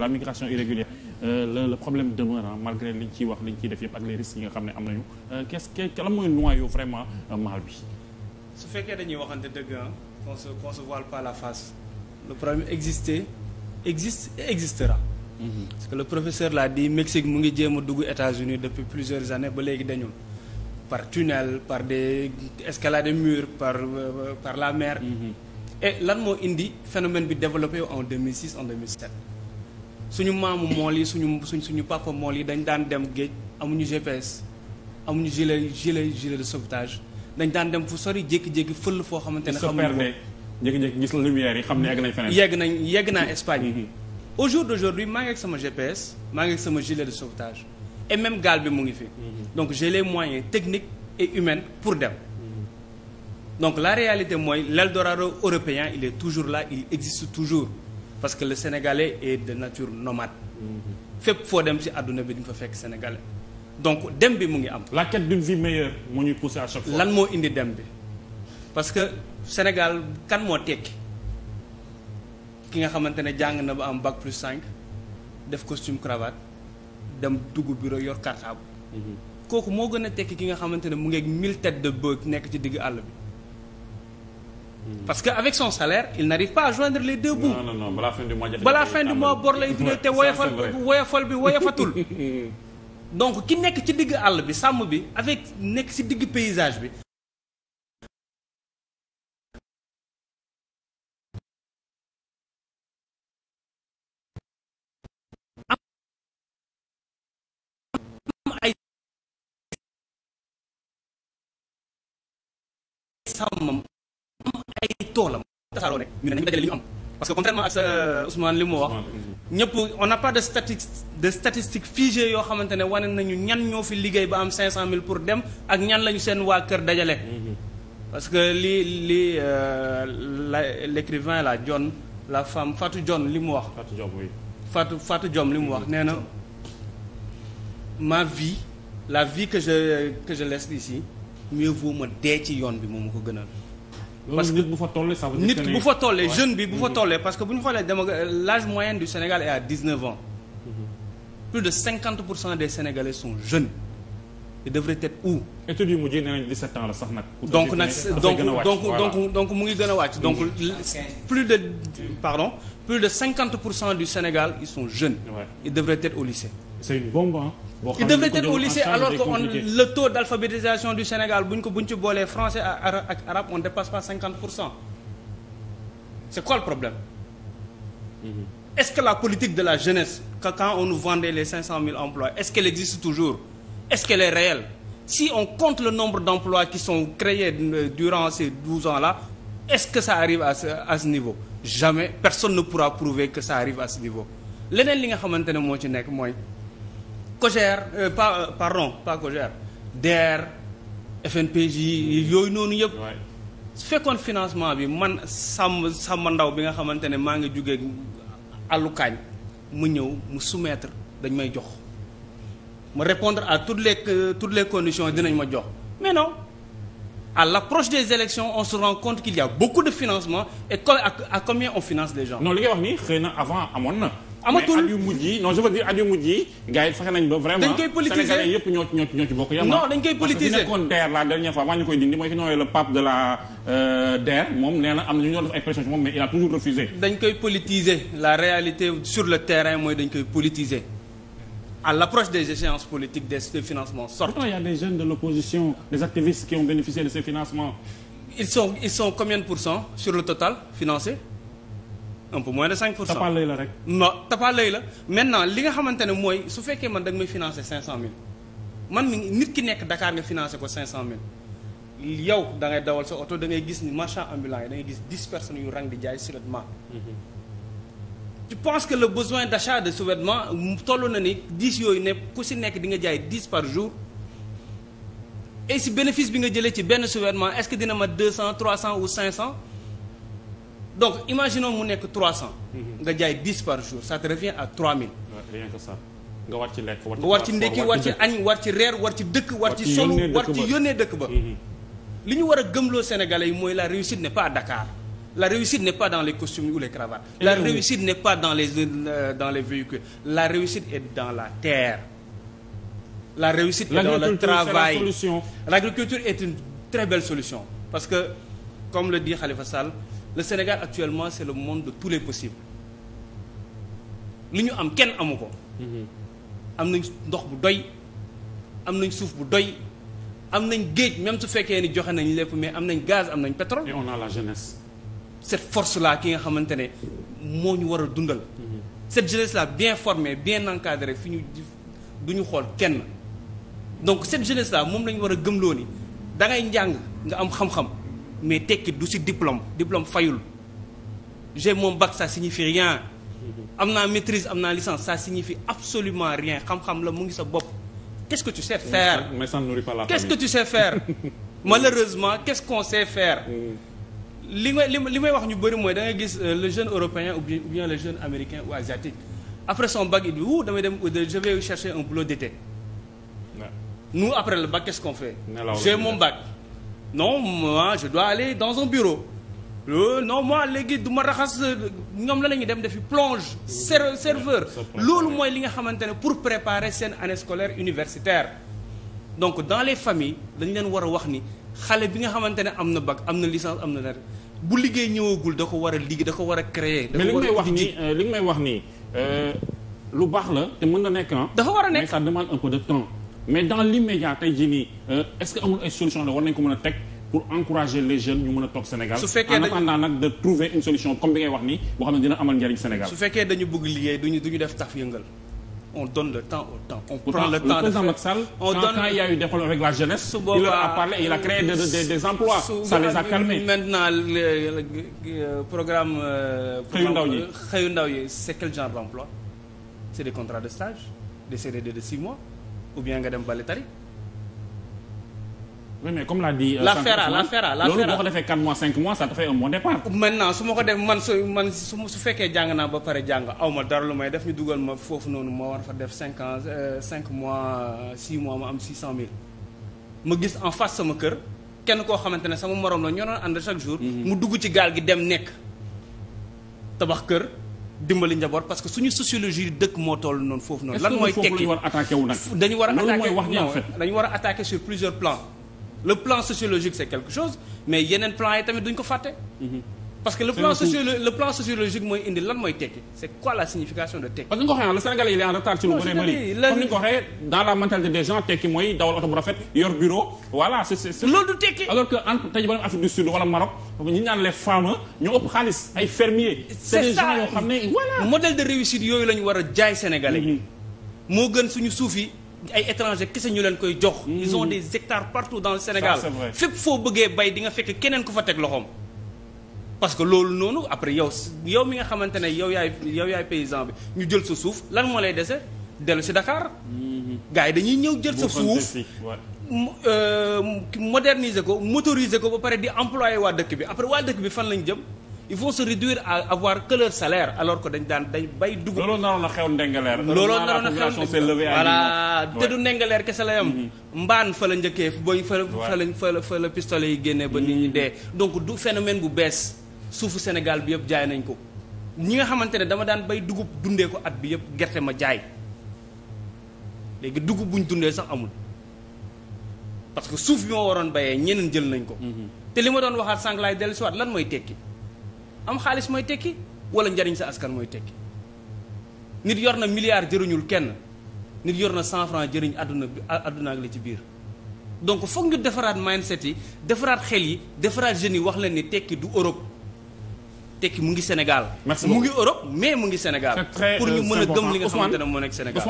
la migration irrégulière euh, le le problème demeure malgré liñ ciy wax liñ ciy def yëpp ak les risques yi nga xam ne am nañu euh, qu'est-ce que lan mooy noyau vraiment euh, bi. su fekkee dañuy waxante dëgg ah qu'on se qu'on se voile la face le problème existait existe et existera. Mhm. parce que le professeur l'a dit Mexique mu ngi jéem a dugg États-Unis depuis plusieurs années ba léegi dañul par tunnel par des escalade des murs par par la mer. e -hmm. et lan moo indi phénomène bi développé en 2006 en suñu maamu mool yi suñu suñ suñu papa mool yi dañ daan dem géej amuñu GPS ñu gilet gilet gilet de sauvetage dañ daan dem fu sori jékki-jékki fël foo xamante ne. xamuñu ko jékki-jékki gis la lumière yi xam ne yegg nañ feneen. yegg nañ yegg naa Espagne. Mm-hmm. au jour d'aujourd'hui maa ngi ak sama GPS maa de sauvetage et même gaal bi mu ngi fi. Mm-hmm. donc j'ai les moyens techniques et humains pour dem. Mm-hmm. donc la réalité mooy l'Eldorado européen il est toujours là il existe toujours. parce que le sénégalais est de nature nomade. Mhm. fépp foo dem ci àdduna bi di nga fa fekk sénégalais. donc dem bi mu ngi am. la quête d'une vie meilleure moo ñuy poussé lan moo indi dem bi parce que Sénégal kan moo tekki ki nga xamante ne jàng na ba am bac plus 5 def costume cravate dem dugg bureau yor cartable. Mhm. kooku moo gën a tekki ki nga xamante ne mu ngeeg mille têtes de bœuf nekk ci diggu àll bi. Hmm. parce que avec son salaire il n'arrive pas à joindre les deux bouts. balaa fin du mois balaa fin du mois bi woyofatul. donc ki nekk ci digg àll bi sàmm bi avec nekk ci digg paysage bi. toor la tasaaroo ne nañu dajale li ñu am que contrairement euh, li mu wax ñëpp on n'a pas de statistique de yoo xamante ne wane nañu ñan ñoo fi liggéey ba am cinq cent mille pour dem ak ñan lañu seen waa kër dajale mhm. parce que li li euh, la l'écrivain la John la femme Fatou John li mu wax Fatou Fatou Diom li mu wax nee na ma vie la vie que je que je laisse ici mieux vaut ma dee ci yoon bi moom ma ko gënal parce que nit bu fa tollee ça veut dire que bi bu fa mhm. tollee parce que bu ñu xoolee démo l'âge moyen du Sénégal est à 19 ans. Mhm. plus de 50 pour cent des Sénégalais sont jeunes. ils devraient être où. études yu mujj nee nañ 17 ans la sax nag. donc nag donc donc donc donc mu ngi gën a wàcc donc mhm. plus de pardon plus de 50 pour cent du Sénégal ils sont jeunes. ils devraient être au lycée. il devrait être au lycée alors que on le taux d'alphabétisation du Sénégal bu ñu ko bu ñu ci boolee français ak arabe on dépasse pas cinquante pour cent c'est quoi le problème mm-hmm. est-ce que la politique de la jeunesse quand on nous vendait les cinq cent mille emplois est-ce qu'elle existe toujours est-ce qu'elle est réelle si on compte le nombre d'emplois qui sont créés euh, durant ces douze ans-là est-ce que ça arrive à ce niveau jamais personne ne pourra prouver que ça arrive à ce niveau leneen li xamante ne moo ci nekk mooy COJER euh, par euh, pardon pas COJER DER FNPJ yooyu noonu yëpp. su fekkoon financement bi man sàmm sàmm ndaw bi nga xamante ne maa ngi jugee àllukaañ mu ñëw mu soumettre dañ may jox ma répondre à toutes les euh, toutes les conditions dinañ ma jox mais non à l'approche des élections on se rend compte qu'il y a de financement et ak combien on finance des gens. non li nga wax nii xëy na avant amoon na. amatul mais at yu mujj yi non je veux dire at yu mujj yi gars yi fexe nañ vraiment dañ koy politiser sénégalais yëpp ñoo ci ah. dañ koy politiser la dernière fois maa ñu koy dindi mooy ki nooyee le pape de la euh, DER moom nee na am na ñu doon def ay pression ci moom mais il a toujours refusé. dañ koy politiser la réalité sur le terrain mooy dañ koy politiser. à l'approche des échéances politiques des financements sortent. y a des jeunes de l'opposition, des activistes qui ont bénéficié de ces financements. financé? un peu moins de 5 pour cent tapalay la rek. non tapalay la maintenant li nga xamante ne mooy su fekkee man da nga may financer 500000 man nit ki nekk dakaar nga financer ko cinq cent mille yow da ngay dawal sa oto da ngay gis ni marchand ambulant yi da gis 10 personnes yu rang di jaay survêtement. je pense que le besoin d' achat de survêtement toll na ni 10 yooyu ne ku si nekk di nga jaay 10 par jour. e si bénéfice bi nga jëlee ci benn survêtement est-ce que dina ma 200 300 ou 500. donc imaginon mu nekk 300. Mhm. nga jaay 10 par jour ça te revient a 3000. rien que ça nga war ci lekk war ci ndekki war ci añ war ci reer war ci dëkk war ci solo war ci yónnee dëkk ba mhm. li ñu war a gëmloo sénégalais yi mooy la réussite n'est pas à Dakar la réussite n'est pas dans les costumes ou les cravates la réussite n'est pas dans les euh, dans les la réussite est dans la terre la réussite est dans le travail l'agriculture est une très belle solution parce que comme le dit Khalifa Sall le Sénégal actuellement c'est le monde de tous les possibles li ñu am kenn amu ko mm-hmm. am nañ ndox bu doy am nañ suuf bu doy am nañ géej même su fekkee ni joxe nañ lépp mais am nañ gaz am nañ pétrole et on la jeunesse cette force là ki nga xamante ne moo ñu war a dundal mm-hmm. cette jeunesse là bien formée bien encadrée fi ñu du ñu xool kenn donc cette jeunesse là moom lañu war a gëmloo ni da njàng nga am xam-xam mais tekki du si diplôme diplôme fayul j'ai mon bac ça signifie rien am naa maîtrise am naa licence ça signifie absolument rien xam-xam la mu ngi sa bopp qu'est-ce que tu sais faire mais ça ne nourrit pas la famille qu'est-ce que tu sais faire malheureusement qu'est-ce qu'on sait faire mm. li nga li may wax ñu bëri mooy da gis euh, le jeune européen ou bien le jeune américain ou asiatique après son bac il dit wuu damay dem euh, je vais chercher un boulot d'été nous après le bac qu'est-ce qu'on fait j'ai mon bac non moi je dois aller dans un bureau non moi léegi du ma raxas ñoom la la ñuy dem defi plonge serveur loolu mooy li nga xamante ne pour préparer seen année scolaire universitaire donc dans les familles dañ leen war a wax ni xale bi nga xamante ne am na bag am na licence am na nar bu liggéey ñëwagul da ko war a liggéey da ko war a créer mais euh, li nga may wax nii li euh, nga may wax nii lu baax la te mën na nekk ah. dafa war a nekk mais ça demande un peu mais dans l'immédiat tey jii nii euh, est-ce que amul ay solution la war nañ ko mën a teg pour encourager les jeunes ñu mën a toog Sénégal. su fekkee en attendant nag de trouver une solution comme bi ngay wax nii boo xam ne dina amal njariñ Sénégal. su fekkee dañu bëgg liggéey duñu duñu def taf yëngal. on donne le temps au temps. le, le de faire on donne quand il y a eu des problèmes avec la jeunesse. su boobaa il a parlé il a euh, programme. Euh, xëyu ndaw yi xëyu ndaw yi c'est quel genre d'emploi c'est des contrats de stage des ou bien nga dem bali tari. oui mais comme l'a dit. Euh, la fera la fera la fera loolu boo ko defee 4 mois 5 mois ça te fait un bon départ. maintenant su ma ko def man su man su su fekkee jàng naa ba pare jàng awma dara lu may def ñu dugal ma foofu noonu ma war fa def 5 ans 5 euh, mois six mois ma am 600000 ma gis en face sama kër kenn koo xamante ne sama morom la ñoo doon ànd chaque jour. Mhm. mu dugg ci gaal gi dem nekk tabax kër. dimbali njaboot parce que suñu sociologie dëkk moo toll noonu foofu noonu. lan mooy tekki dañu war a attaqué dañu war a attaqué sur plusieurs plans le plan sociologique c'est quelque chose mais yeneen plan yi tamit duñ ko fàtte. Mm-hmm. parce que le plan socio le plan sociologique mooy indi lan mooy tekki c' est quoi la signification de tekki. parce que nga ko waxee le Sénégalais il en retard ci lu bëri bëri. comme tekki mooy dawal oto bu rafet yor bureau voilà loolu du tekki alors que entre tey ba dem Afrique du Sud wala Maroc ñi naan les femmes ñoo ëpp xaalis ay fermiers. c' xam ne voilà. modèle de yooyu la ñu war a jaay Sénégalais yi. Mm-hmm. moo gën suñu suuf yi. ay étranger kese ñu leen koy jox. ils ont mm-hmm. des hectares partout dans le Sénégal. fépp foo bëggee bay di nga fekk keneen ku fa teg loxoom parce que loolu noonu après yow yow mi nga xamante ne yow yaay yow yaay paysan bi ñu jël sa suuf lan moo lay dese dellu si Dakar. Mhm. gars yi dañuy ñëw jël sa suuf euh, moderniser ko motoriser ko ba pare di employé waa dëkk bi après waa dëkk bi fan lañ jëm. ils faut se réduire à avoir que leur salaire alors que dañ daan dañ bay dugg. looloo naroon na xew ndengaleer. looloo naroon na xew voilà te du ndengaleer kese la yam mhm. mbaan fa la njëkkee booy fa la fa la fa yi génnee ba nit ñi mhm. dee donc du phénomène bu bees. suufu Sénégal bi yëpp jaay nañ ko ñi nga xamante ne dama daan bay dugub dundee ko at bi yëpp gerte ma jaay léegi dugub buñ dundee sax amul parce que suuf bi ma waroon bayee ñeneen jël nañ ko. Mhm. te li ma doon waxaat sànq laay dellusiwaat lan mooy tekki am xaalis mooy tekki wala njariñ sa askan mooy tekki nit yor na milliard jëriñul kenn nit yor na cent franc jëriñ àdduna àdduna ak la ci biir. donc foog ñu defaraat mindset yi defaraat xel yi defaraat jeunes yi wax leen ni tekki du Europe. tekki mu ngi Sénégal. mu ngi Europe mais mu ngi Sénégal. pour ñu euh, mën a gëm li nga xamante ne moo nekk Sénégal.